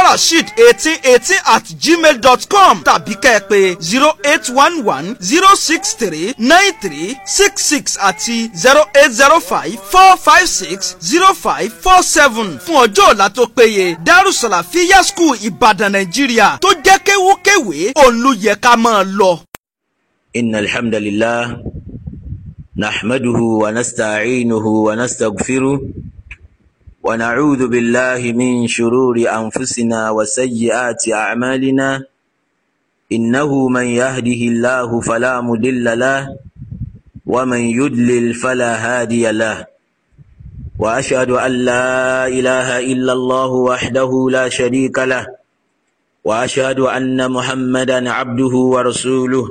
farasheed eighteen eighteen at gmail dot com tàbí kẹ́ẹ̀pè zero eight one one zero six three nine three six six àti zero eight zero five four five six zero five four seven fún ọjọ́ ọ̀la tó péye darussalafiya school ìbàdàn nàìjíríà tó jẹ́ kéwúkéwé òun ló yẹ ká máa lọ. إن الحمد لله نحمده ونستعينه ونستغفره ونعوذ بالله من شرور أنفسنا وسيئات أعمالنا إنه من يهده الله فلا مدل له ومن يدلل فلا هادي له وأشهد أن لا إله إلا الله وحده لا شريك له وأشهد أن محمدا عبده ورسوله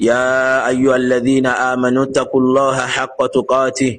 يا أيها الذين آمنوا اتقوا الله حق تقاته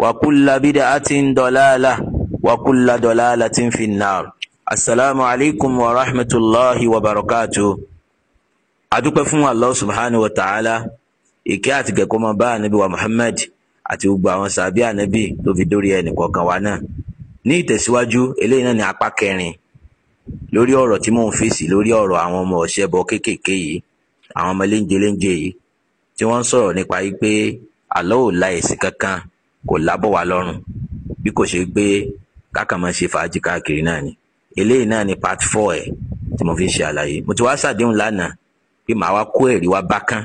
وكل بدعة ضلالة وكل ضلالة في النار السلام عليكم ورحمة الله وبركاته adúpẹ́ fún allah subhanahu wa ta'ala ìkẹ́ àti gẹ̀kọ́ máa bá ànábì wa muhammad àti gbogbo àwọn sàbí ànábì tó fi dórí ẹnì kọ̀ọ̀kan wa náà ní ìtẹ̀síwájú eléyìí náà ní apá kẹrin lórí ọ̀rọ̀ tí mò ń fèsì lórí ọ̀rọ̀ àwọn ọmọ ọ̀ṣẹ́bọ kéékèèké yìí àwọn ọmọ léńjeléńje yìí tí wọ́n ń sọ̀rọ̀ nípa yìí pé allah ò la ẹ̀sìn kankan kò lábọ̀ wá lọ́rùn bí kò ṣe pé kákan máa ṣe fàájì káàkiri náà ni eléyìí náà ni part four ẹ̀ tí mo fi ṣe àlàyé mo ti wá ṣàdéhùn lánàá pé màá wá kó ẹ̀rí wá bákan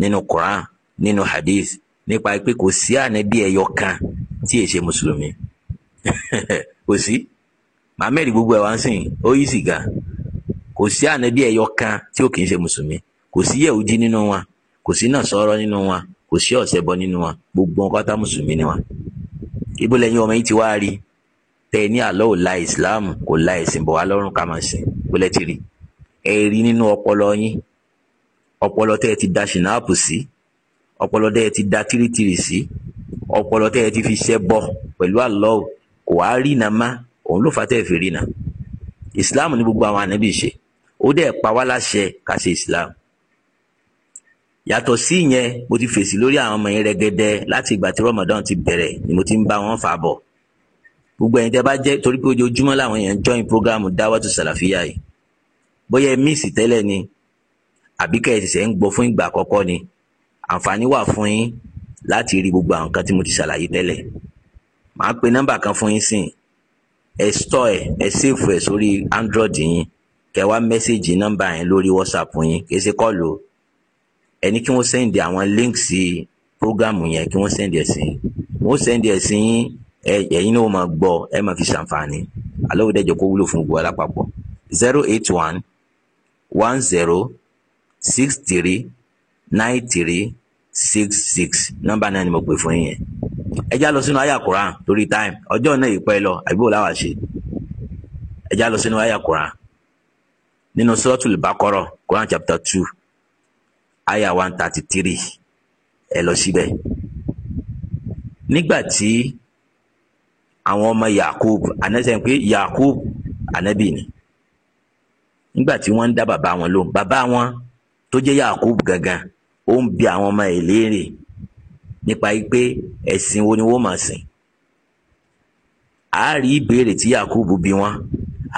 nínú Quran nínú hadith nípa pé kò sí ànábì ẹyọ kan tí èṣe mùsùlùmí kò sí mohammed gbogbo ẹ̀ wá ń sìn ó yí sìgá kò sí ànábì ẹyọ kan tí ò kì í ṣe mùsùlùmí kò sí yẹ̀wùdí nínú wọn kò sí nàṣọ́rọ́ nínú wọn kò sí ọ̀sẹ̀ bọ nínú wọn gbogbo wọn pátá mùsùlùmí ni wọn ibo lẹ́yìn ọmọ yìí ti wá rí tẹ ní àlọ́ ò la ìsìláàmù kò la ẹ̀sìn bọ̀ wá lọ́rùn ká máa sìn bó lẹ́ ti rí ẹ rí nínú ọpọlọ yín ọpọlọ tẹ́ ẹ ti da ṣìnáàpù sí ọpọlọ tẹ́ ẹ ti da tìrìtìrì sí ọpọlọ tẹ́ ẹ ti fi ṣẹ́ bọ pẹ̀lú àlọ́ ò kò wá rí iná má òun ló fà tẹ́ ẹ fi rí iná ìsìláàmù ní gbogbo àwọn ànábì ṣe ó dẹ̀ pa wá láṣẹ ká ṣe ìsìláàmù yàtọ̀ sí ìyẹn mo ti fèsì lórí àwọn ọmọ yẹn rẹ́gẹ́dẹ́ láti ìgbà tí Ramadan ti bẹ̀rẹ̀ ni mo ti ń bá wọn fà bọ̀ gbogbo ẹ̀yin tẹ́ bá jẹ́ torí pé ojoojúmọ́ làwọn yẹn ń join program dáwàtú sàlàfíà yìí bóyá ẹ míìsì tẹ́lẹ̀ ni àbí kẹ́ ẹ ṣẹ̀ṣẹ̀ ń gbọ́ fún ìgbà àkọ́kọ́ ni àǹfààní wà fún yín láti rí gbogbo àwọn kan tí mo ti ṣàlàyé tẹ́lẹ̀ màá pe nọ́mbà kan fún yín sìn ẹ store ẹ ẹ save ẹ sórí Android yín kẹ́ wá mẹ́sẹ̀gì nọ́mbà yẹn lórí WhatsApp yín kì kọ́ọ̀lù ẹni kí wọ́n sẹ́ndì àwọn links programu yẹn kí wọ́n sẹ́ndì ẹ̀ sí wọ́n sẹ́ndì ẹ̀ sí ẹ̀yin náà máa gbọ́ ẹ máa fi ṣàǹfààní alẹ́ òde kó wúlò fún gbogbo alápapọ̀ zero eight one one zero six three nine three six six nọ́mbà náà ni mo pè fún yín ẹ já lọ sínú àyà Quran time ọjọ́ náà yìí pẹ́ lọ àbíbò láwa ṣe ẹ já lọ sínú àyà Quran nínú Suratul Baqarah Quran chapter two aya one thirty three ẹ lọ síbẹ̀ nígbà tí àwọn ọmọ yakub anẹsẹ̀ pé yakub anabi ni nígbà tí wọ́n ń dá bàbá wọn lóhùn bàbá wọn tó jẹ́ yakub gangan ó ń bi àwọn ọmọ ẹ̀ léèrè nípa pé ẹ̀sìn wo ni wọ́n máa sìn a ìbéèrè tí yakub bi wọn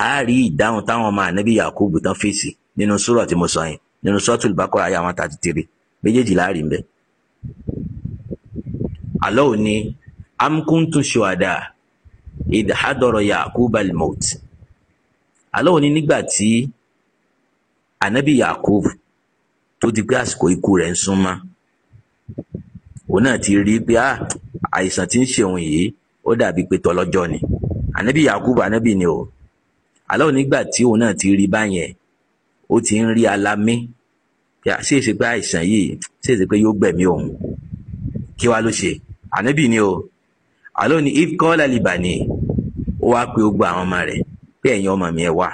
a ìdáhùn táwọn ọmọ anabi yakub tán fèsì nínú sùúrà tí mo sọ yẹn nínú sọ́ọ̀tù ìbákọ́ ayé àwọn thirty three méjèèjì láàrin ń bẹ. àlọ́ ò ní amkuntu shuhada idhadoro yakuba almaut àlọ́ ò nígbà tí anabi yakub tó di pé àsìkò ikú rẹ̀ ń súnmọ́ òun náà ti rí i pé ah, àìsàn tí ń ṣe yìí ó dàbí pé tọlọ́jọ́ ni anabi yakub anabi ni o àlọ́ ò nígbà tí òun náà ti rí báyẹn ó ti ń rí alamí ṣé èsì pé àìsàn yìí ṣé èsì pé yóò gbẹ̀mí òun kí wàá ló ṣe ànábì ni o àlọ́ ni if kọ́ làlìbà ni ó wá pé ó gba àwọn ọmọ rẹ̀ pé ẹ̀yin ọmọ mi ẹ̀ wà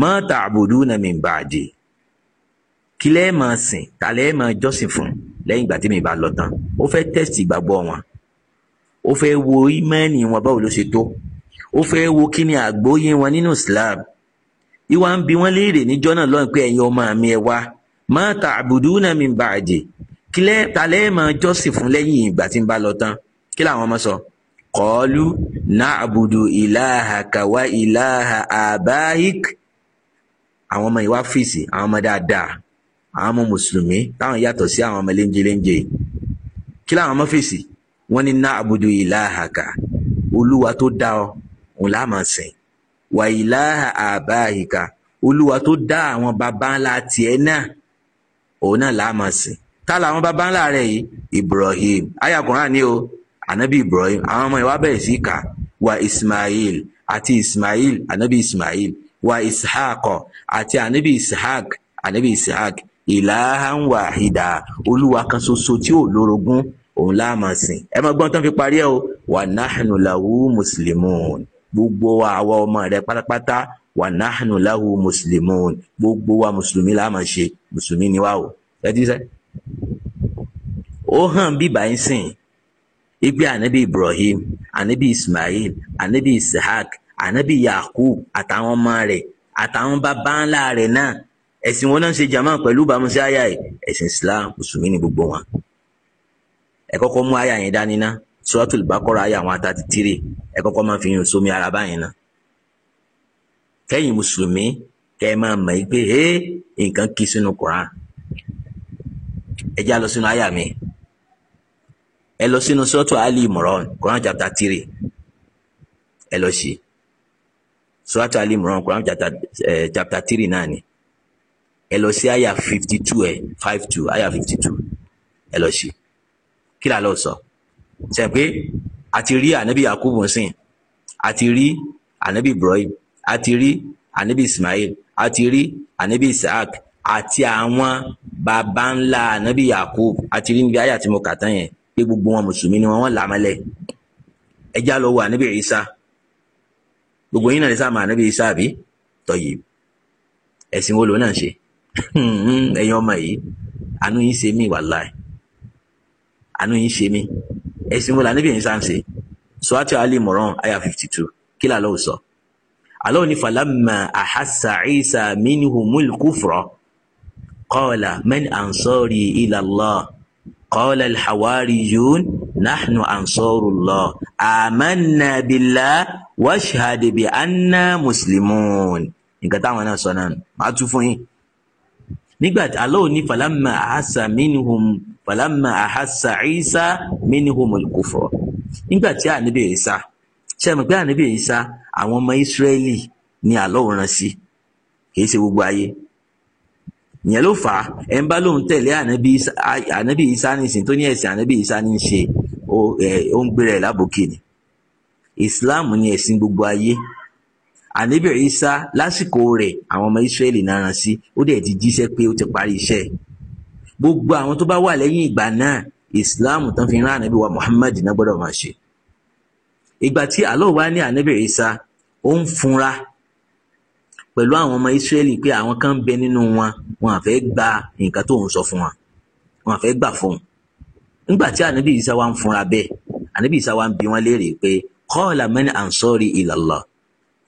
mọ́ tààbùdù náà mi bá a dì kí lẹ́ẹ̀ máa sìn ta lẹ́ẹ̀ máa jọ́sìn fún lẹ́yìn ìgbà tí mi bá lọ tán ó fẹ́ tẹ́sítì ìgbàgbọ́ wọn ó fẹ́ wo ímẹ́ẹ̀nì wọn báwo ló ṣe tó ó fẹ́ wo kí ni àgbóyé wọn nínú Islam ìwà ń bi wọ́n léèrè níjọ́ náà lọ́rùn pé ẹ̀yin ọmọ mi ẹ wá má ta'buduna min ba'di kílẹ̀ talẹ́ máa jọ́sìn fún lẹ́yìn ìgbà tí ń bá lọ tán kí làwọn ọmọ sọ qalu na'budu ilahaka wa ilaha abaik àwọn ọmọ ìwà fèsì àwọn ọmọ dáadáa àwọn ọmọ mùsùlùmí táwọn yàtọ̀ sí àwọn ọmọ léńjeléńje kí làwọn ọmọ fèsì wọ́n ní na'budu ilahaka olúwa tó dá ọ òun la máa sìn wa ilaha abaika olúwa tó dá àwọn baba ńlá tiẹ̀ náà òun náà là á làwọn bàbá ńlá rẹ̀ yìí Ibrahim ayakunra ni o anabi Ibrahim àwọn ọmọ ìwà bẹ̀rẹ̀ sí kà wa Ismail àti Ismail anabi Ismail wa Ishaq àti anabi Ishaq anabi Ishaq ìlàhán wàhídà olúwa kan ṣoṣo tí ò lórogún òun la máa sìn ẹ máa gbọ́n tán fi parí ẹ o wa nahnu lahu muslimun gbogbo àwa ọmọ rẹ pátápátá wà náhànú láhu mùsùlùmùn gbogbo wa mùsùlùmí la máa ṣe mùsùlùmí ni wá o ẹtí sẹ. ó hàn bíbá yín sìn ipe ànábì Ibrahim ànábì Ismail ànábì Ishaq ànábì Yakub àtàwọn ọmọ rẹ̀ àtàwọn bàbá ńlá rẹ̀ náà ẹ̀sìn wọn náà ṣe jàmá pẹ̀lú bàmúsí àyà ẹ̀ ẹ̀sìn Islam mùsùlùmí ni gbogbo wọn. ẹ kọ́kọ́ mú àyà yẹn dání ná Suratul Baqara àyà wọn àtàtì tírì ẹ kọ́kọ́ máa fi yún sómi ara báyìí náà kẹ́yìn mùsùlùmí kẹ́ ẹ máa mọ̀ yí pé hé nǹkan kí sínú Quran ẹ já lọ sínú àyà mi ẹ lọ sínú sọ́tò Ali Imran Quran chapter three ẹ lọ sí sọ́tò Ali Imran Quran chapter, eh, chapter three náà ni ẹ lọ sí àyà fifty two ẹ eh, five two àyà fifty two ẹ lọ sí kí là lọ sọ ṣe pé àti rí ànábì Yakubu sìn àti rí ànábì Ibrahim a ti rí anabi ismail a ti rí anabi isaac àti àwọn baba ńlá anabi yakub a ti rí níbi ayé àti mọ̀kàtà yẹn pé gbogbo wọn mùsùlùmí ni wọn wọn là mọ́lẹ̀ ẹjá lọ wo anabi isa gbogbo yín náà lè sáà mọ anabi isa àbí tọyì ẹ̀sìn wo lòun náà ṣe ẹ̀yin ọmọ yìí àánú yín ṣe mí wàláì àánú yín ṣe mí ẹ̀sìn wo lànàbì isa ń ṣe sọ́wọ́tì alimoran aya fifty two kí làlọ́ sọ. So Allah ní falamma ahassa Isa minhumul kufra qala man ansari ila Allah qala al-hawariyun nahnu ansarullah amanna billah washhad bi anna muslimun nǹkan táwọn náà sọ náà máa tú fún yín nígbà tí Allah ní falamma ahassa minhum falamma ahassa Isa minhumul kufra nígbà tí àníbẹ̀ Isa ṣé ẹ mọ̀ pé ànábì Ìsá àwọn ọmọ Ísírẹ́lì ni àlọ́ òran sí kì í ṣe gbogbo ayé ìyẹn ló fà á ẹ ń bá lóun tẹ̀lé ànábì Ìsá nìsín tó ní ẹ̀sìn ànábì Ìsá ní í ṣe ó ń gbéra ẹ̀ lábòkè ni Islam ni ẹ̀sìn gbogbo ayé ànábì Ìsá lásìkò rẹ̀ àwọn ọmọ Ísírẹ́lì náà rán sí ó dẹ̀ ti jíṣẹ́ pé ó ti parí iṣẹ́ gbogbo àwọn tó bá wà lẹ́yìn ìgbà náà Islam tán fi rán ànábì wa Muhammad náà gbọ́dọ̀ máa ṣe ìgbà tí Allah wá ní ànábì Ìsá ó ń funra pẹ̀lú àwọn ọmọ Ísírẹ́lì pé àwọn kan ń bẹ nínú wọn wọn àfẹ́ gba nǹkan tó ń sọ fún wọn wọn àfẹ́ gbà fún un nígbà tí ànábì Ìsá wá ń funra bẹ́ẹ̀ ànábì Ìsá wá ń bi wọ́n léèrè pé qala man ansari ila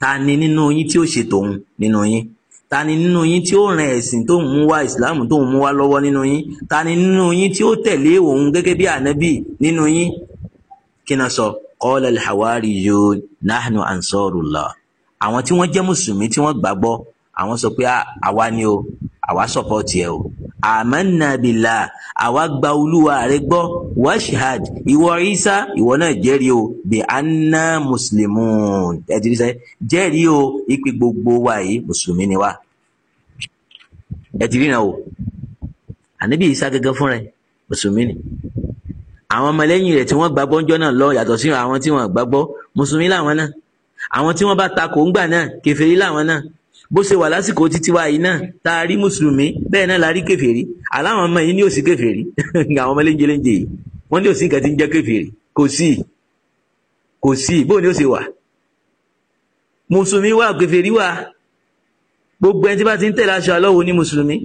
ta ni nínú yín tí ó ṣe tòun nínú yín ta ni nínú yín tí ó ràn ẹ̀sìn tó ń mú wá Islam tó ń mú wá lọ́wọ́ nínú yín ta ni nínú yín tí ó tẹ̀lé òun gẹ́gẹ́ bí ànábì nínú yín kí náà sọ qala al-hawariyun nahnu ansarullah àwọn tí wọ́n jẹ́ mùsùlùmí tí wọ́n gbàgbọ́ àwọn sọ pé ah, àwa ni o àwa sọpọ́ọ̀tì ẹ o amanna billah àwa gba olúwa rẹ gbọ́ washhad ìwọ isa ìwọ náà jẹ́rìí o bi anna muslimun ẹ̀dìrí sẹ́ jẹ́rìí o ìpè gbogbo wa yìí mùsùlùmí ni wa ẹ̀dìrí náà o ànábì isa gẹ́gẹ́ fúnra ẹ̀ mùsùlùmí ni àwọn ọmọlẹ́yìn rẹ̀ tí wọ́n gbàgbọ́ ńjọ́ náà lọ yàtọ̀ sí àwọn tí wọ́n gbàgbọ́ mùsùlùmí làwọn náà àwọn tí wọ́n bá takò ńgbà náà kèfèrí làwọn náà bó ṣe wà lásìkò títí wa yìí náà tá a rí mùsùlùmí bẹ́ẹ̀ náà la rí kèfèrí aláwọn ọmọ yìí ní òsì kèfèrí àwọn ọmọ léńjẹ léńjẹ yìí wọ́n ní òsì nǹkan tí ń jẹ́ kèfèrí kò sí kò sí bó ni ó ṣe wà mùsùlùmí wà kèfèrí wà gbogbo ẹni tí bá ti ń tẹ̀lé aṣọ àlọ́wọ́ ní mùsùlùmí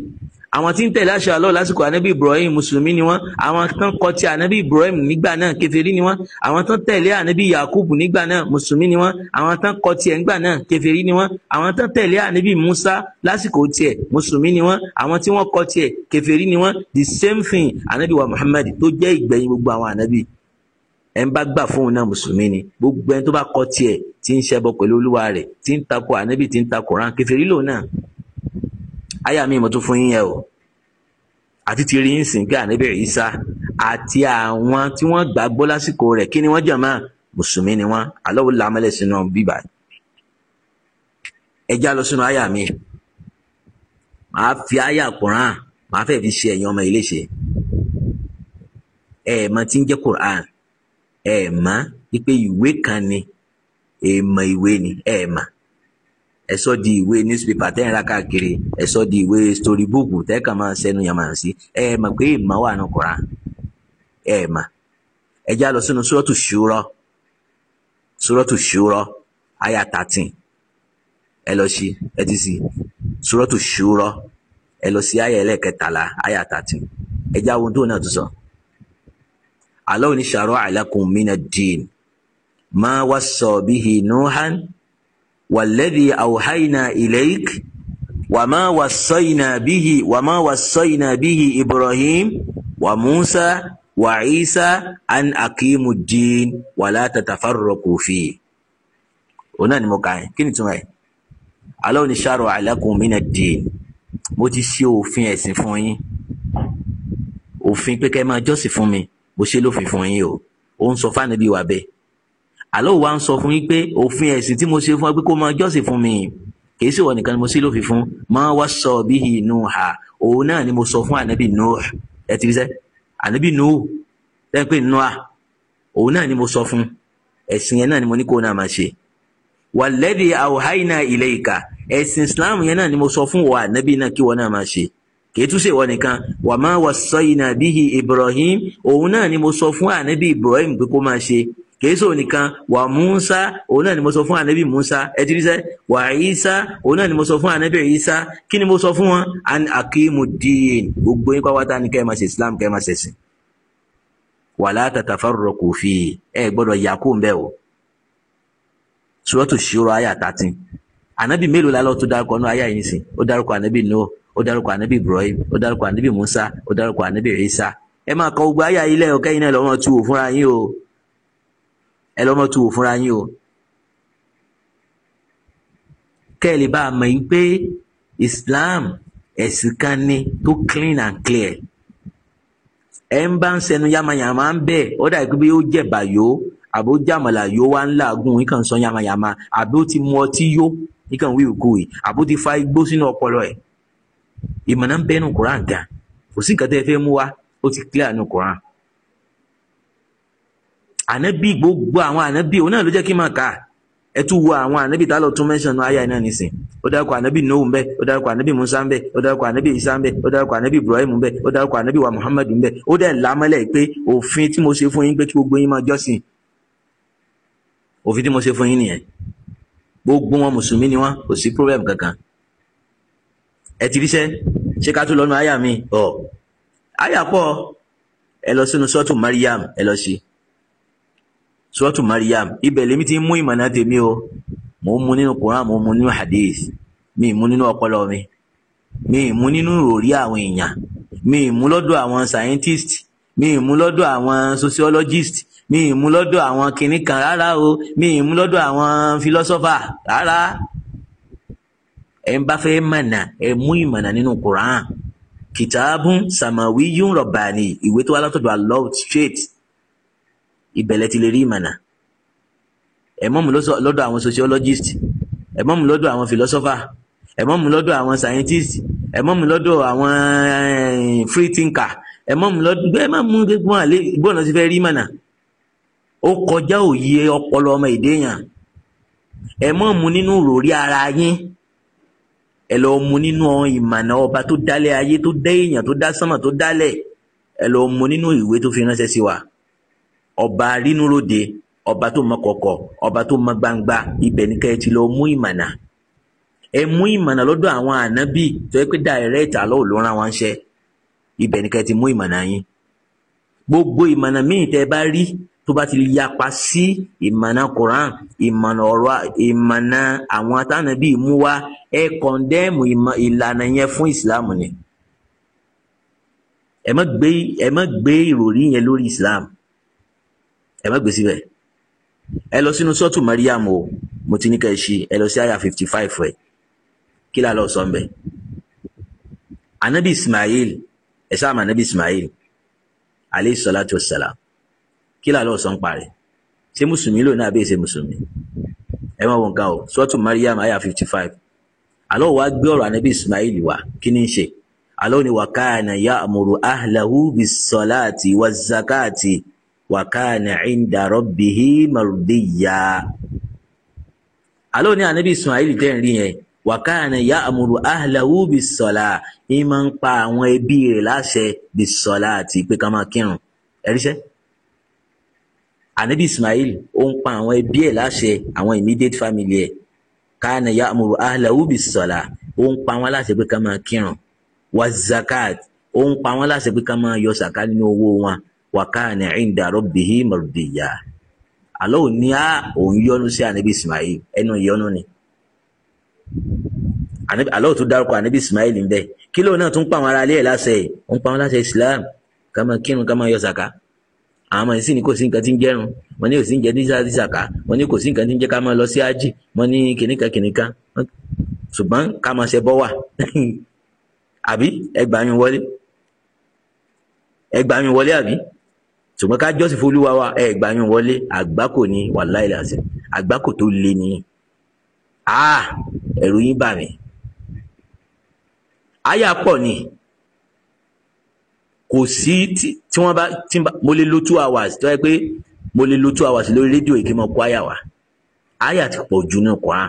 àwọn tí ń tẹ̀lé àṣà Allah lásìkò ànábì Ibrahim mùsùlùmí ni wọ́n àwọn tán kọ ti ànábì Ibrahim nígbà náà kèfèrí ni wọ́n àwọn tán tẹ̀lé ànábì Yakubu nígbà náà mùsùlùmí ni wọ́n àwọn tán kọ tiẹ̀ nígbà náà kèfèrí ni wọ́n àwọn tán tẹ̀lé ànábì Musa lásìkò tiẹ̀ mùsùlùmí ni wọ́n àwọn tí wọ́n kọ tiẹ̀ kèfèrí ni wọ́n the same thing ànábì wa Muhammad tó jẹ́ ìgbẹ̀yìn gbogbo àwọn ànábì ẹ ń bá gbà fóun náà mùsùlùmí ni gbogbo ẹni tó bá kọ tiẹ̀ tí ń ṣẹbọ pẹ̀lú olúwa rẹ̀ tí ń takò ànábì tí ń takò rán kèfèrí lòun náà àyà mi mo tún fún yín yẹn o àti ti rí yín sìn gbà níbẹ̀ ìsá àti àwọn tí wọ́n gbàgbọ́ lásìkò rẹ̀ kí ni wọ́n jẹ̀ mọ́ mùsùlùmí ni wọ́n alọ́wọ́ làmọ́lẹ̀ sínú bíbá ẹ lọ sínú àyà mi màá fi àyà Kùrán màá fẹ́ fi ṣe ẹ̀yin ọmọ ilé ṣe ẹ mọ̀ tí ń jẹ́ Quran ẹ mọ̀ wípé ìwé kan ni èèmọ̀ ìwé ni ẹ mọ̀. ẹ di ìwé newspaper tẹ́ ń ra káàkiri ẹ di ìwé storybook tẹ́ kàn máa sẹ́nu yàmà sí ẹ mà pé ìmọ̀ wà nù kọ́ra ẹ mà ẹ já lọ sínú sọ́rọ́tù ṣúrọ́ sọ́rọ́tù ṣúrọ́ àyà thirteen ẹ lọ sí ẹ ti sí sọ́rọ́tù ṣúrọ́ ẹ lọ sí àyà ẹlẹ́kẹtàlá àyà thirteen ẹ já ohun tó náà tó sọ. Allah ni sharo lakum mina din ma wassa bihi Nuhan. والذي أوحينا إليك وما وصينا به وما وصينا به إبراهيم وموسى وعيسى أن أقيموا الدين ولا تتفرقوا فيه هنا نمكاين كني تمعي ألو نشرع لكم من الدين mo ti ṣe òfin ẹ̀sìn fún yín òfin pé kẹ́ ẹ máa jọ́sìn fún mi mo ṣe lófin fún yín o ó ń sọ fáànù bí wà bẹ́ẹ̀ àlọ́ wa ń sọ fún yín pé òfin ẹ̀sìn tí mo ṣe fún ọ pé kó máa jọ́sìn fún mi kìí sì wọ nìkan ni mo sì lófin fún máa wá sọ bíi Nuha òun náà ni mo sọ fún ànábì Nuh ẹ ti rí sẹ́ ànábì Nuh lẹ́yìn pé Nuha òun náà ni mo sọ fún ẹ̀sìn yẹn náà ni mo ní kó náà máa ṣe wàlẹ́dì àwòháìnà ilẹ̀ ìka ẹ̀sìn Islam yẹn náà ni mo sọ fún wa ànábì náà kí wọ́n náà máa ṣe kìí tún ṣèwọ nìkan wà máa wà sọ ìnàbíhi Ibrahim òun náà ni mo sọ fún ànábì Ibrahim pé kó máa ṣe kèésò nìkan wà Musa òun náà ni mo sọ fún anabi Musa ẹtí rí sẹ wà Isa òun náà ni mo sọ fún anabi Isa kí ni mo sọ fún wọn an akimu diin gbogbo yín pátá ni kẹ́ ẹ máa ṣe Islam kẹ́ ẹ máa ṣẹ̀sìn wala tatafarraqu fi ẹ gbọ́dọ̀ yàkó ń bẹ o Suratu Shura àyà tààtìn anabi mélòó la lọ tó dárúkọ náà àyà yìí sìn ó dárúkọ anabi Nuh ó dárúkọ anabi Ibrahim ó dárúkọ anabi Musa ó dárúkọ anabi Isa ẹ máa kọ gbogbo àyà ilẹ̀ ọ̀kẹ́yìn náà lọ́wọ́ tu wò yín o ẹ lọ́mọ tu wò fúnra yín o kẹ́ ẹ lè bá a mọ̀ yín pé Islam ẹ̀sìn kan ni tó clean and clear ẹ ń bá ń sẹnu yamayama ń bẹ̀ ó dà bí ó jẹ̀bà yó àbó jàmàlà yó wá ń làágùn yín kàn sọ yamayama àbó ti mu ọtí yó yín kàn wíwì kúwì àbó ti fa igbó sínú ọpọlọ ẹ̀ ìmọ̀nà ń bẹ́nu Quran gan kò sí nǹkan tẹ́ ẹ fẹ́ mú wa ó ti clear nu Quran. ànábì gbogbo àwọn ànábì òun náà ló jẹ́ kí n máa kà á wo àwọn tá a lọ tún mẹ́sàn-án nu ayé náà nìsín ó dárúkọ ànábì Nuhu ń bẹ ó dárúkọ ànábì Musa ń bẹ ó dárúkọ ànábì Isa ń bẹ ó dárúkọ Ibrahim ń bẹ ó dárúkọ ànábì wa Muhammad ń bẹ ó dẹ̀ lámọ́lẹ̀ pé òfin tí mo ṣe fún yín pé kí gbogbo yín máa jọ́sìn òfin tí mo ṣe fún yín nìyẹn gbogbo wọn mùsùlùmí ni wọn kò kankan ẹ ti ríṣẹ́ ṣé ká tún mi ọ̀ àyà pọ̀ ẹ lọ sínú sọ́ọ̀tù suratu Maryam ibẹ̀ lèmi ti mú ìmọ̀nà tèmi o mò ń mu nínú Quran mò ń mu nínú hadith mi ì mu nínú ọpọlọ mi mi ì mu nínú ìròrí àwọn èèyàn mi ì mu lọ́dọ̀ àwọn scientist mi ì mu lọ́dọ̀ àwọn sociologist mi ì mu lọ́dọ̀ àwọn kìnnì kan rárá o mi ì mu lọ́dọ̀ àwọn philosopher rárá ẹ̀ ń bá fẹ́ mọ̀nà ẹ̀ mú ìmọ̀nà nínú Quran kìtàbùn sàmàwíyún rọ̀bàní ìwé tó wá látọ̀dọ̀ Allah straight ibẹ̀ lẹ ti lè rí ìmọ̀nà ẹ mọ́ mú lọ́dọ̀ àwọn sociologist ẹ mọ́ mú lọ́dọ̀ àwọn philosopher ẹ mọ́ mú lọ́dọ̀ àwọn scientist ẹ mọ́ mú lọ́dọ̀ àwọn eh, free thinker ẹ mọ́ mú lọ́dọ̀ ẹ mọ́ mú gbogbo àlè gbọ́dọ̀ ti fẹ́ rí ìmọ̀nà ó kọjá òye ọpọlọ ọmọ èdè yàn ẹ mọ́ mú nínú ròrí ara yín ẹ lọ mú nínú ìmọ̀nà ọba tó dálẹ̀ ayé tó dá èèyàn tó dá sánmà tó dálẹ̀ ẹ lọ mú nínú ìwé tó fi ránṣẹ́ sí wa ọba rínúròde ọba tó mọ kọ̀kọ̀ ọba tó mọ gbangba ibẹ̀ ni ká ẹ ti lọ mú ìmọ̀nà ẹ mú ìmọ̀nà lọ́dọ̀ àwọn ànábì tó yẹ pé direct Allah ló rán wọn ṣẹ́ ibẹ̀ ni ká ẹ ti mú ìmọ̀nà yín gbogbo ìmọ̀nà míì tẹ́ ẹ bá rí tó bá ti yapa sí ìmọ̀nà Quran ìmọ̀nà ọ̀rọ̀ ìmọ̀nà àwọn atánàbí mú wá ẹ kọ̀ndẹ́ẹ̀mù ìlànà yẹn fún ìsìláàmù ni ẹ má gbé ìròrí yẹn lórí ìsìláàmù ẹ má gbé síbẹ̀ ẹ lọ sínú sọ́ọ̀tù Mariam o mo ti ní ká ẹ ṣe ẹ lọ sí àyà fifty five ẹ kí la lọ sọ ń bẹ anabi Ismail ẹ sáàmù anabi Ismail aleyhi salatu wa salam kí la lọ sọ ń parẹ ṣé mùsùlùmí lò náà bẹ́ẹ̀ ṣe mùsùlùmí ẹ má wọn gan o sọ́ọ̀tù Mariam àyà fifty five àlọ́ wa gbé ọ̀rọ̀ anabi Ismail wa kí ni ṣe àlọ́ ni wàkàna ya'muru ahlahu bis salati waz zakati wa kana inda rabbihi mardiya alo ní anabi ismail tẹ́ ń rí yẹn wa kana ya'muru ahlahu bis-sala ìmọ̀ ń pa àwọn ẹbí rẹ̀ láṣẹ bis-sala àti pé ká máa kírun ẹ̀ríṣẹ́ anabi ismail ó ń pa àwọn ẹbí ẹ̀ láṣẹ àwọn immediate family ẹ̀ kana ya'muru ahlahu bis-sala ó ń pa wọn láṣẹ pé ká máa kírun wa zakat ó ń pa wọn láṣẹ pé ká máa yọ sàká owó wọn wàkàní ìndà rọ́bìhì mọ̀rọ̀dìyà àlọ́ òní á òun yọ́nú sí ànábì ismail ẹnu ìyọ́nú ni àlọ́ òtún dárúkọ ànábì ismail ń bẹ kí lóun náà tún pa àwọn ará ilé ẹ̀ láṣẹ ẹ̀ ó ń pa wọn láṣẹ islam ká máa kírun ká máa yọ sàká àwọn ọmọ ìsìn ni kò sí nǹkan tí ń jẹrun wọn ní kò sí nǹkan tí ń jẹ sàká wọn ní kò sí nǹkan tí ń jẹ ká máa lọ sí ájì wọn ní kìnìkan kìnìkan ṣùgbọ́n ká máa ṣe bọ́ àbí ẹgbàá mi wọlé ẹgbàá mi wọlé àbí ṣùgbọ́n ká jọ́sìn fólúwa wa ẹ gbà yín wọlé àgbákò ni wàláì làṣẹ àgbákò tó le ni ah ẹ̀rù yín bà mí àyà pọ̀ ni kò sí tí wọ́n bá tí mo lè lo two hours tó yẹ pé mo lè lo two hours lórí rédíò yìí kó àyà wa àyà ti pọ̀ jù náà kọ́ á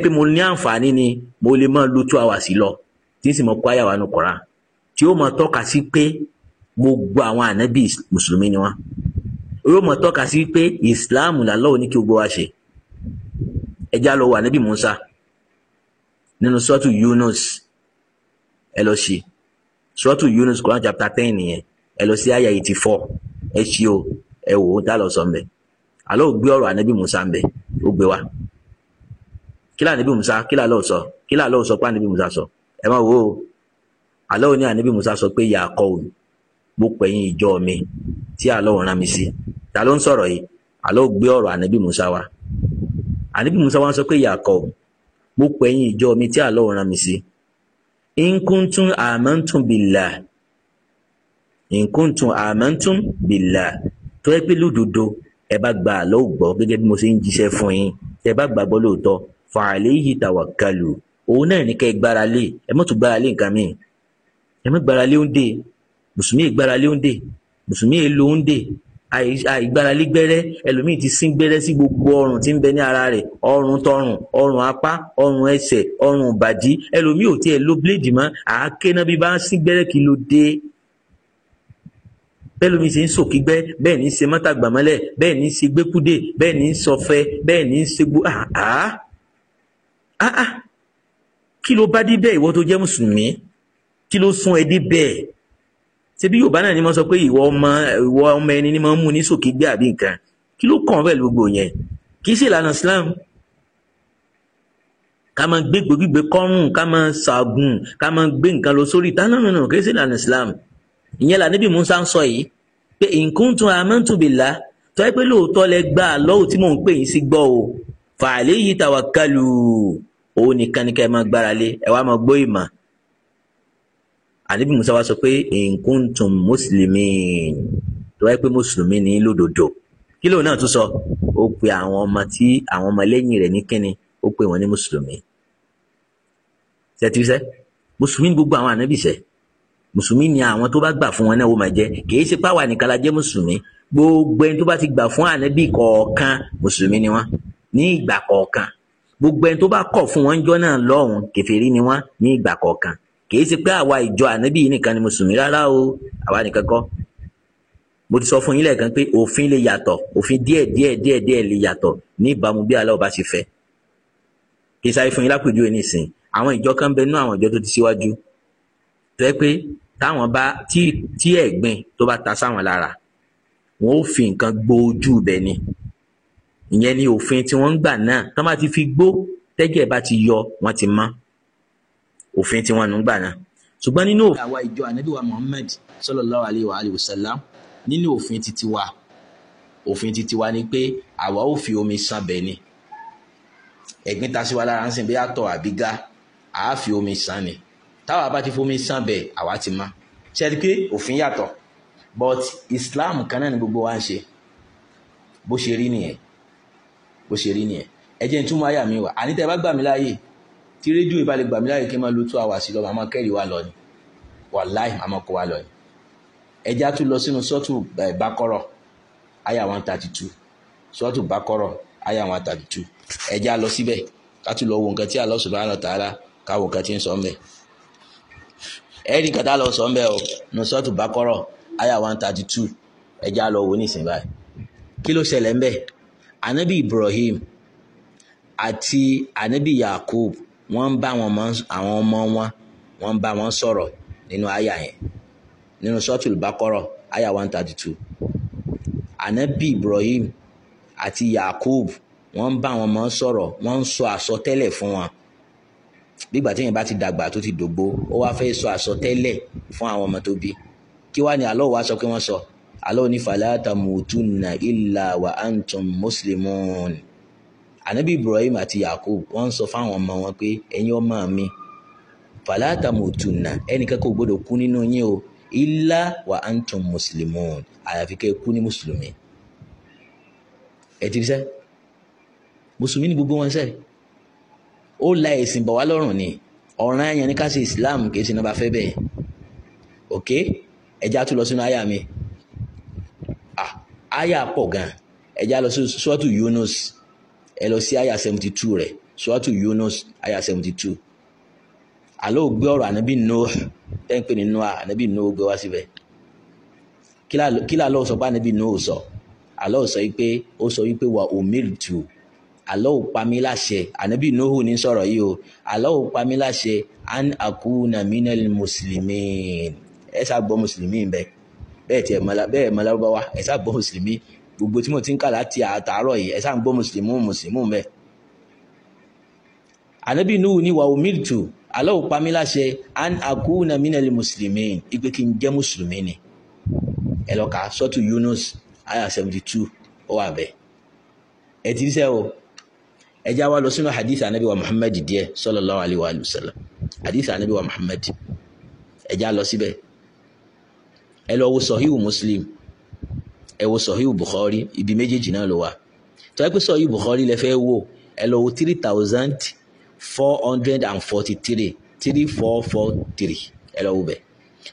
pé mo ní àǹfààní ni mo lè máa lo two hours lọ tí n sì mọ kó àyà wa nù kọ́ra tí ó mọ tọ́ka sí pé gbogbo àwọn ànábì mùsùlùmí ni wọ́n yóò mọ̀ tọ́ka sí pé islam làlọ́ òní kí gbogbo wa ṣe ẹja lọ wọ ànábì musa nínú sọ́tù yunus ẹ lọ ṣe sọ́tù yunus Quran chapter ten nìyẹn ẹ lọ sí àyà eighty four ẹ ṣí o ẹ wò ó tá lọ sọ mbẹ àlọ́ ò gbé ọ̀rọ̀ ànábì musa mbẹ ó gbé wa kílà ànábì musa kílà lọ́ọ̀ sọ kílà lọ́ọ̀ sọ pé ànábì musa sọ ẹ má wo àlọ́ òní ànábì musa sọ pé yà á kọ́ òun mo pè yín ìjọ mi tí àlọ́ rán mi sí ta ló ń sọ̀rọ̀ yìí àlọ́ gbé ọ̀rọ̀ ànábì Musa wa ànábì Musa wa sọ pé yàkọ̀ mo pè yín ìjọ mi tí àlọ́ rán mi sí nkuntun àmọ́ntun bìlà nkuntun àmọ́ntun bìlà tó yẹ pé lódodo ẹ bá gba àlọ́ gbọ́ gẹ́gẹ́ bí mo ṣe ń jíṣẹ́ fún yín ẹ bá gbàgbọ́ lóòótọ́ fàálẹ́ yìí tàwákàlù òun náà ní kẹ́ gbára lé ẹ mọ́tò gbára lé nǹkan míì ẹ mọ́ gbára lé oúnjẹ mùsùlùmí ìgbáralé òǹdè mùsùlùmí èlò òǹdè àìgbáralé gbẹ́rẹ́ ẹlòmíì ti sín gbẹ́rẹ́ sí gbogbo ọrùn tí ń bẹ ní ara rẹ̀ ọrùn tọrùn ọrùn apá ọrùn ẹsẹ̀ ọrùn ìbàdí ẹlòmíì ò tiẹ̀ lo bíléèdì mọ́ àáké náà bí bá ń sín gbẹ́rẹ́ kí ló dé bẹ́ẹ̀ lómi ṣe ń sòkígbẹ́ bẹ́ẹ̀ ní í ṣe mọ́tàgbàmọ́lẹ̀ bẹ́ẹ̀ ní í ṣe gbẹ́kúdè bẹ́ẹ̀ ní í sọfẹ́ bẹ́ẹ̀ ní í ṣe gbó àá àá kí ló bá dé bẹ́ẹ̀ ìwọ tó jẹ́ mùsùlùmí kí ló sún ẹ dé bẹ́ẹ̀ ṣe bí yorùbá náà ni mo sọ pé ìwọ ọmọ ìwọ ọmọ ẹni ni mo ń mú ní sòkè gbé àbí nǹkan kí ló kàn bẹ́ẹ̀ gbogbo yẹn kì í ṣe ìlànà Islam ká máa gbé gbòógbé kọ́rùn ká máa ṣàgùn ká máa gbé nǹkan lọ sórí ìta náà nínú kì í ṣe ìlànà Islam ìyẹn là níbi Musa ń sọ yìí pé nǹkan tún amantu billah tọ́ ẹ pé lóòótọ́ lẹ gbà lọ́wọ́ tí mò ń pè yín sí gbọ́ o fa alayhi tawakkalu òun nìkan ni ká máa gbára lé ẹ wá máa gbọ́ ìmọ̀ ànábì musa wá sọ pé nkuntum mùsùlùmí tó wáyé pé mùsùlùmí ní lódodo kí lóun náà tún sọ ó pe àwọn ọmọ tí àwọn ọmọ lẹ́yìn rẹ̀ ní kíni ó pe wọn ní mùsùlùmí tẹ́tírísẹ́ mùsùlùmí ni gbogbo àwọn ànábì sẹ́ mùsùlùmí ni àwọn tó bá gbà fún wọn náà wọ́n máa jẹ́ kìí ṣe páwa nìkan la jẹ́ mùsùlùmí gbogbo ẹni tó bá ti gbà fún ànábì kọ̀ọ̀kan mùsùlùmí ni wọ́n ní ìgbà kọ̀ọ̀kan gbogbo ẹni tó bá kọ̀ fún wọn jọ náà lọ́hùn kèfèrí ni wọ́n ní ìgbà kọ̀ọ̀kan kìí ṣe pé àwa ìjọ ànábì yìí nìkan ni mùsùlùmí rárá o àwa nìkan kọ́ mo ti sọ fún yín lẹ́ẹ̀kan pé òfin lè yàtọ̀ òfin díẹ̀ díẹ̀ díẹ̀ díẹ̀ lè yàtọ̀ ní ìbámu bí Allah bá ṣe fẹ́ kì í sáré fún yín lápèjúwe nísìnyí àwọn ìjọ kan bẹ nú àwọn ìjọ tó ti síwájú tó yẹ pé táwọn bá tí tí ẹ̀gbin tó bá ta sáwọn lára wọn ò fi nǹkan gbó ojú ibẹ̀ ni ìyẹn ni òfin tí wọ́n ń gbà náà tán bá ti fi gbó tẹ́jẹ̀ bá ti yọ wọ́n ti mọ́ òfin tí wọ́n nù gbà náà ṣùgbọ́n nínú òfin àwa ìjọ ànábì wa Muhammad sallallahu alayhi wa alayhi wa sallam nínú òfin titi wa òfin titi wa ni pé àwa ò fi omi san bẹ́ẹ̀ ni ẹ̀gbin ta sí wa lára ń sìn bí àtọ̀ àbígá à á fi omi san ni táwa bá ti fomi san bẹ́ẹ̀ àwa ti mọ́ ṣe pé òfin yàtọ̀ but Islam kan náà ni gbogbo wa ń ṣe bó ṣe rí nìyẹn bó ṣe rí nìyẹn ẹ jẹ́ n túmọ̀ àyà mi wá àní tẹ́ bá gbà mí láàyè tí rédíò ìbá lè gbà mí láyè kí n máa lo two hours lọ màá máa kẹ́rì wa lọ ni wàláì màá máa kó wa lọ ni ẹja tún lọ sínú sọ́ọ̀tù bákọ́rọ̀ àyà one thirty two sọ́ọ̀tù bákọ́rọ̀ àyà one thirty two ẹja lọ síbẹ̀ ká tún lọ wo nǹkan tí Allah subhanahu wa ta'ala ká wo nǹkan tí ń sọ ń bẹ̀ ẹ̀rí lọ sọ ń o nù sọ́ọ̀tù bákọ́rọ̀ àyà one thirty two ẹja lọ wo nísìnyí báyìí kí ló ṣẹlẹ̀ ń anabi Ibrahim àti anabi Yakub wọ́n ń bá àwọn ọmọ wọn wọ́n ń bá wọn sọ̀rọ̀ nínú àyà yẹn nínú sọ́tùlù bákọ́rọ̀ àyà one thirty two ànábì Ibrahim àti Yakub wọ́n ń bá àwọn ọmọ sọ̀rọ̀ wọ́n ń sọ àsọtẹ́lẹ̀ fún wọn bígbà téèyàn bá ti dàgbà tó ti dògbó ó wá fẹ́ sọ àsọtẹ́lẹ̀ fún àwọn ọmọ tó bí kí wá ní Allah wa sọ pé wọ́n sọ Allah ní fala tamutunna illa wa antum muslimun anabi ibrahim àti yakub wọ́n ń sọ fáwọn ọmọ wọn pé ẹ̀yin ọmọ mi fàlàtàmùtùnà ẹnìkan kò gbọ́dọ̀ kú nínú yín o ilá wa antum muslimun àyàfi kẹ́ ẹ kú ní mùsùlùmí ẹ ti fi sẹ́ mùsùlùmí ni gbogbo wọn sẹ́ ó la ẹ̀sìn bọ̀ wá lọ́rùn ni ọ̀ràn ẹ̀yàn ní ká ṣe islam kì í ṣe náà bá fẹ́ bẹ́ẹ̀ ok ẹja tún lọ sínú àyà mi ah, àyà pọ̀ gan ẹja lọ sí sọ́ọ̀tù yunus ẹ lọ sí àyà seventy two rẹ̀ suratu Yunus àyà seventy two àlọ́ ògbé ọ̀rọ̀ ànábì Nuh tẹ́ǹpé ní Nuh ànábì Nuh gbé wá síbẹ̀ kí làlọ́ sọ pé ànábì Nuh sọ àlọ́ sọ pé ó sọ pé wà umirtu àlọ́ òpami láṣẹ ànábì Nuh ní sọ̀rọ̀ yìí o àlọ́ òpami láṣẹ an akuna minal muslimin ẹ ṣáà gbọ́ mùsùlùmí bẹ́ẹ̀ tiẹ̀ mọ́lá bẹ́ẹ̀ mọ́lá bá wa ẹ ṣáà gbọ́ mùsùlùmí gbogbo tí mo ti ń kà láti àtàárọ̀ yìí ẹ sáà ń gbọ́ mùsùlùmí mùsùlùmí mẹ́. ànábì nuhu ni wàá omiltu Allah ó pa mí láṣẹ an akuna minal mùsùlùmí ipe kí n jẹ́ mùsùlùmí ni ẹ lọ kà sọ́tù Yunus aya seventy two ó wà bẹ́ẹ̀ ẹ ti rí sẹ́ o ẹ já wa lọ sínú hadith anabi wa Muhammad díẹ̀ sallallahu alayhi wa sallam hadith anabi wa Muhammad ẹ já lọ síbẹ̀ ẹ lọ wo Sahihu ẹ wo sọ̀híù bukhari ibi méjèèjì náà ló wà tó yẹ pé sọ̀híù bukhari lẹ fẹ́ wò ẹ lọ wo three thousand four hundred and forty three three four four three ẹ lọ wo bẹ̀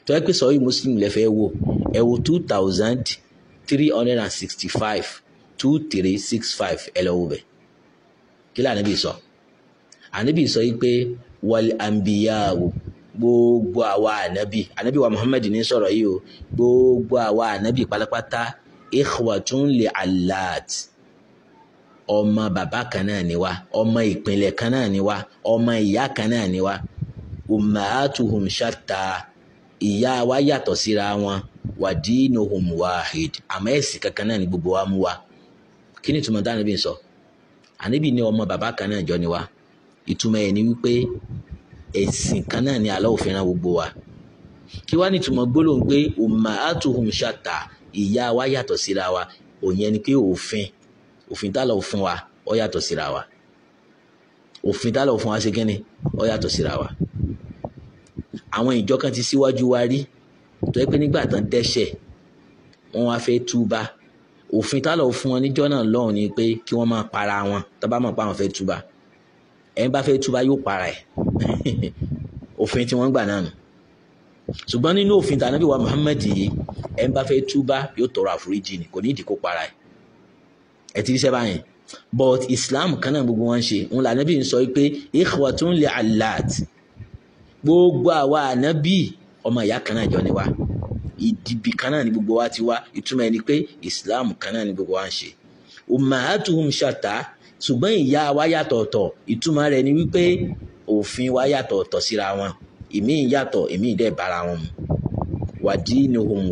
tó yẹ pé sọ̀híù muslim lẹ fẹ́ wò ẹ wo two thousand three hundred and sixty five two three six five ẹ lọ wo bẹ̀ kí lóò ànábì sọ ànábì sọ yìí pé wàlí àǹbíyàwó gbogbo àwa ànábì ànábì wa muhammed ní sọ̀rọ̀ yìí o gbogbo àwa ànábì pátápátá ikhwatun li allat ọmọ bàbá kan náà ni wá ọmọ ìpínlẹ̀ kan náà ni wá ọmọ ìyá kan náà ni wá ummahatuhum shatta ìyá wa yàtọ̀ síra wọn wa dinuhum wahid àmọ́ ẹ̀sìn kankan náà ni gbogbo wa mú wa kí ni ìtumọ̀ dáná bí n sọ àníbi ni ọmọ bàbá kan náà jọ ni wá ìtumọ̀ ẹ̀ ni wípé ẹ̀sìn kan náà ni Allah ó gbogbo wa kí wá ní ìtumọ̀ gbólóhùn pé ummahatuhum shatta ìyá wa yàtọ̀ síra wa òyìn ni pé òfin òfin tá lọ fún wa ó yàtọ̀ síra wa òfin tá lọ fún wa ṣe kínni ó yàtọ̀ síra wa àwọn ìjọ kan ti síwájú wa rí tó yẹ pé nígbà tán dẹ́ṣẹ̀ wọ́n wá fẹ́ túbà òfin tá lọ fún wọn níjọ́ náà lọ́hùn ni pé kí wọ́n máa para wọn tó mọ̀ pé àwọn fẹ́ túbà ẹni bá fẹ́ túbà yóò para ẹ̀ òfin tí wọ́n gbà náà nù ṣùgbọ́n nínú òfin tànàbí wa Muhammad yìí ẹ̀ ń bá fẹ́ túbá yóò tọrọ àforíjì ni kò ní ìdí para ẹ̀ ẹ̀ ti ríṣẹ́ báyẹn but Islam kan náà gbogbo wọn ṣe òun lànàbí ń sọ pé ikhwatun li allat gbogbo àwa ànábì ọmọ ìyá kan náà jọ ni wa ìdìbì kan náà ni gbogbo wa ti wá ìtumọ̀ ẹni pé Islam kan náà ni gbogbo wa ń ṣe ummahatuhum shatta ṣùgbọ́n ìyá wa yàtọ̀ọ̀tọ̀ ìtumọ̀ ni wípé òfin wa yàtọ̀ọ̀tọ̀ síra wọn. ìmí yàtọ̀ ìmí dẹ̀ bára wọn wadinuhum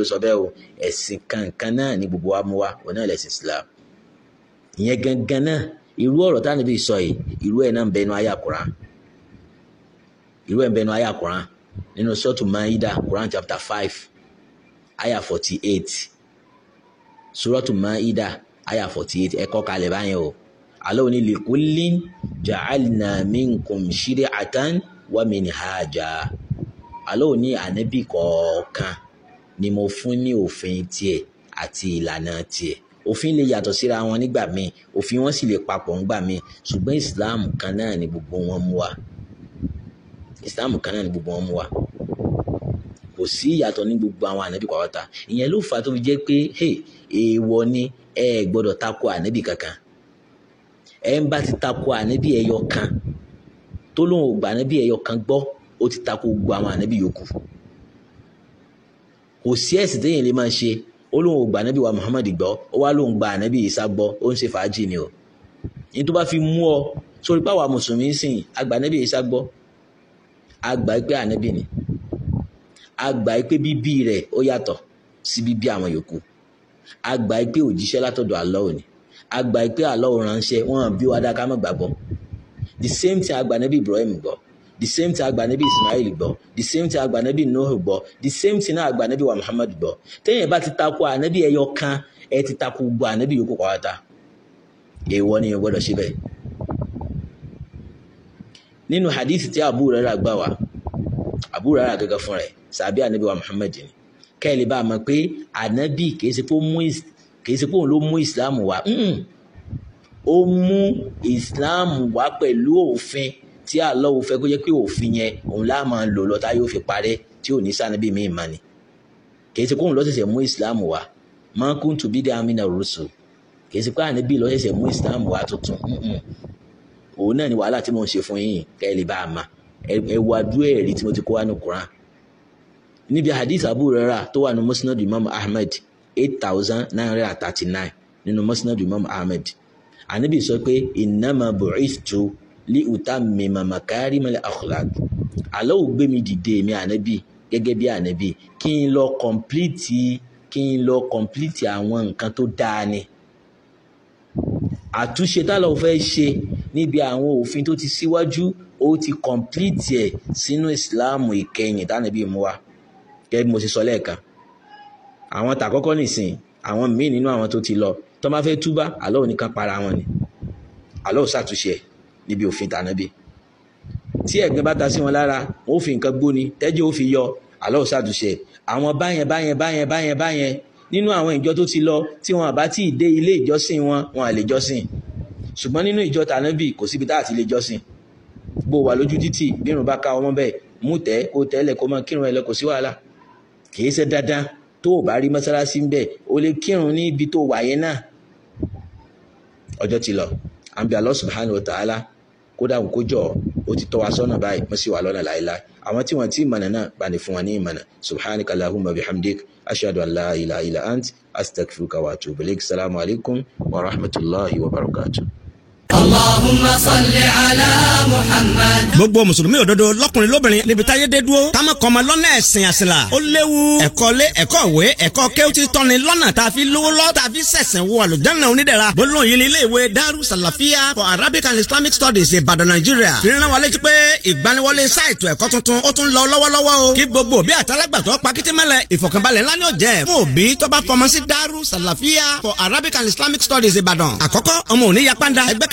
ló sọ bẹ́ẹ̀ o ẹ̀sìn kankan náà ni gbogbo wa mú wa wọn náà lẹ̀sìn islam ìyẹn gangan náà irú ọ̀rọ̀ táwọn ibi sọ yìí irú ẹ̀ náà ń bẹnu ayé irú ẹ̀ ń bẹnu ayé nínú sọ́ọ̀tù maida quran chapter five ayah forty eight sọ́ọ̀tù maida ayah forty eight kalẹ̀ báyẹn o wọ́mi ní hajà Allah ní ànábì kọ̀ọ̀kan ni mo fún ní òfin tiẹ̀ àti ìlànà tiẹ̀ òfin lè yàtọ̀ síra wọn nígbà míì òfin wọn sì lè papọ̀ nígbà míì ṣùgbọ́n Islam kan náà ni gbogbo wọn mú wa Islam kan náà ni gbogbo wọn mú wa kò sí ìyàtọ̀ ní gbogbo àwọn ànábì pàápàá ìyẹn ló fà á tó fi jẹ́ pé èèwọ̀ ni ẹ gbọ́dọ̀ tako ànábì kankan ẹ ń bá ti tako ànábì ẹyọ kan tó lóun ò gbà ànábì ẹyọ kan gbọ́ ó ti tako gbogbo àwọn ànábì yòókù kò sí ẹ̀sìn téèyàn lè máa ṣe ó lóun ò gbà wa Muhammad gbọ́ ó wá lóun gba ànábì Ìsá gbọ́ ó ń ṣe fàájì ni o ní tó bá fi mú ọ sórí pàwọ́ àmùsùlùmí sìn àgbà ànábì Ìsá gbọ́ àgbà pé ànábì ni àgbà pé bíbí rẹ̀ ó yàtọ̀ sí bíbí àwọn yòókù àgbà pé òjíṣẹ́ látọ̀dọ̀ Allah ni àgbà pé Allah ránṣẹ́ wọ́n bí wa ká má gbàgbọ́ the same thing agba nabi Ibrahim gbọ́ the same thing agba nabi Ismail gbọ́ the same thing agba nabi Nuh gbọ́ the same thing náà agba nabi wa Muhammad gbọ́ téèyàn bá ti takò ànábì ẹyọ kan ẹ ti takò gbọ ànábì yòókù pàápàá èèwọ̀ ni ẹ gbọ́dọ̀ ṣe bẹ́ẹ̀ nínú hadith tí Abu Huraira gbà wá Abu Huraira gẹ́gẹ́ fún rẹ̀ sàbí ànábì wa Muhammad ni kẹ́ẹ̀lì bá a mọ̀ pé ànábì kìí ṣe pé òun ló mú ìsìlámù wá ó mú Islam wá pẹ̀lú òfin tí Allah fẹ́ kó jẹ́ pé òfin yẹn òun láà máa lò lọ́tà yóò fi parẹ́ tí ò ní sànibí mi ìmọ̀ ni kì í ṣe kóun lọ́sẹ̀sẹ̀ mú Islam wá ma kuntu bid'an mina rusul kì í ṣe pé ànábì lọ́sẹ̀sẹ̀ mú Islam wá tuntun òun náà ni wàhálà tí mo ń ṣe fún yín kẹ́ ẹ lè bá a ma ẹ wá dú ẹ̀rí tí mo ti kó wá ní Quran níbi hadith Abu Hurairah tó wà ní Musnad Imam Ahmad eight thousand nine hundred and thirty nine nínú Musnad Imam Ahmad ànábì sọ pé innama bu'ithtu li utammima makarimal akhlaq Allah gbé mi dìde mi ànábì gẹ́gẹ́ bí ànábì kí n lọ kọ̀mplìtì kí n lọ kọ̀mplìtì àwọn nǹkan tó dáa ni àtúnṣe tálọ̀ fẹ́ ṣe níbi àwọn òfin tó ti síwájú ó ti kọ̀mplìtì ẹ̀ sínú ìsìláàmù ìkẹyìn tánàbí mú wa gẹ́gẹ́ bí mo ṣe sọ lẹ́ẹ̀kan àwọn tàkọ́kọ́ nìsín àwọn míì nínú àwọn tó ti lọ tó bá fẹ́ túbá Allah ò ní kán para wọn ni Allah ò ṣàtúnṣe ẹ̀ níbi òfin tànábì tí ẹ̀gbin bá ta sí wọn lára wọn ò fi nǹkan gbóni tẹ́jẹ́ ò fi yọ Allah ò ṣàtúnṣe ẹ̀ àwọn báyẹn báyẹn báyẹn báyẹn báyẹn nínú àwọn ìjọ tó ti lọ tí wọn àbá tí ì dé ilé ìjọsìn wọn wọn à lè jọsìn ṣùgbọ́n nínú ìjọ tànábì kò síbi tá à ti lè jọsìn bó wà lójú títì bírun bá ka ọmọ bẹ́ẹ̀ mú tẹ́ kó tẹ́lẹ̀ kó mọ kírun ẹ̀ lọ kò sí wàhálà kì í ṣe dandan tó o bá rí mọ́sálásí ń bẹ̀ o lè kírun ní ibi tó wà yẹn náà ọjọ́ ti lọ àǹbí Allah subhanahu wa ta'ala kódà kó jọ ó ti tọ́ wa sọ́nà báyìí mo sì wà lọ́nà láéláé àwọn tí wọ́n ti mọ̀nà náà bá fún wọn ní ìmọ̀nà subhanaka allahumma bihamdik ashhadu an la ilaha illa ant astaghfiruka wa atubu salamu alaykum wa rahmatulahi wa barakatuh. Allahumma salli ala Muhammad. gbogbo mùsùlùmí òdodo lọ́kùnrin lóbìnrin níbi táyé dé dúró táwọn kan máa lọ́nà ẹ̀sìn àṣìlá ó léwu ẹ̀kọ́ lé ẹ̀kọ́ ìwé ẹ̀kọ́ kéwùtì tọ́ni lọ́nà tá a fi lówó lọ́ tá a fi sẹ̀sẹ̀ wọ àlùjáná onídẹ̀ra gbólóhùn yìí ní ilé Daru Salafia for Arabic and Islamic Studies Ìbàdàn Nàìjíríà fìrìnà wa létí pé ìgbaniwọlé sáìtù ẹ̀kọ́ tuntun ó tún lọ lọ́wọ́lọ́wọ́ o kí gbogbo òbí àtàlágbàtọ́ pakitímẹ́lẹ̀ ìfọ̀kànbalẹ̀ ńlá ni ó jẹ́ fún òbí tó bá fọmọ sí Daru Salafia for Arabic and Islamic Studies Ìbàdàn àkọ́kọ́ ọmọ òní yapanda ẹgbẹ́k